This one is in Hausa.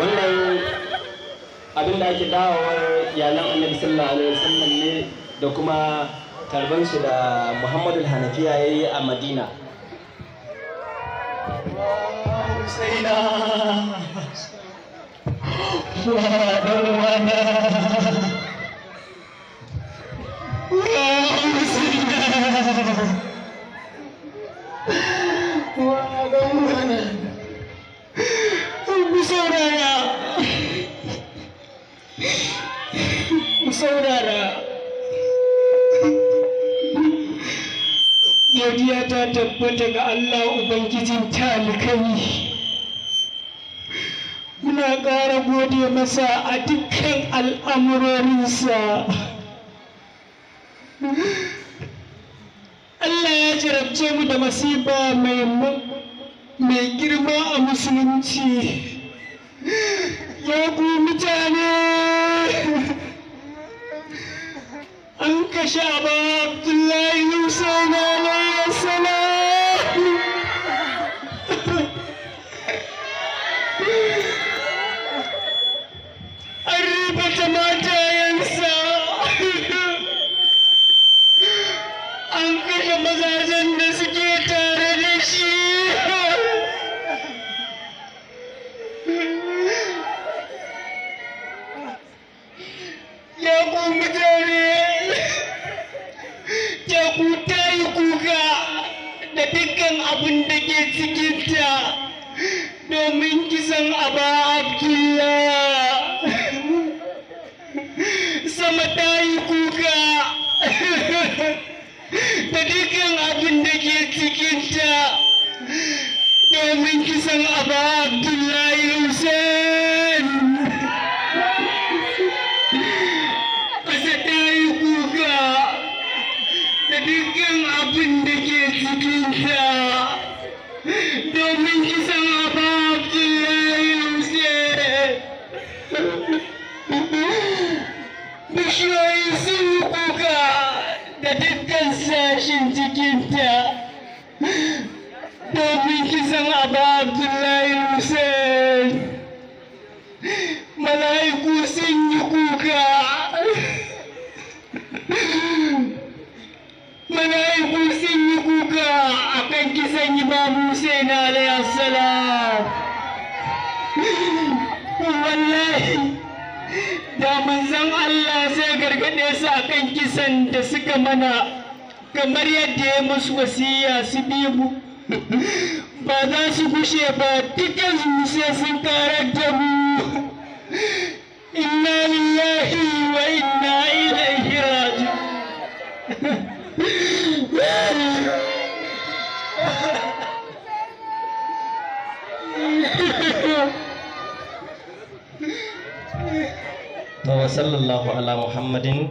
wannan abin da ake dawowar yalan annabi sallallahu alaihi wasallam ne da kuma tarban shi da muhammadu hanafiya ya yi a madina Wow, saurara saudara godiya ta tabbata ga Allah Ubangijin talikai muna ƙara gode masa a dukkan al'amurorinsa Allah ya jarabce mu da masifa mai girma a musulunci ya ku mutane an kashe abu abdullahi musa na alayhi salam an rubuta mata teku ta yi kuka da dukkan abin da ke cikinta domin kisan aba abdullah sama ta yi kuka da dukkan abin da ke cikinta domin kisan aba abdullah cikin cikinta domin kisan abu abdullahi hussein mala'iku sun yi kuka mala'iku sun yi kuka a kan kisan imamu hussein alayhi salam wallahi da manzon allah zai gargaɗe su a kan kisan da suka mana kamar yadda ya musu wasiya su bi mu ba za su gushe ba dukkan su sai sun karar da mu inna lillahi wa inna ilaihi raji'un وصلى الله على muhammadin.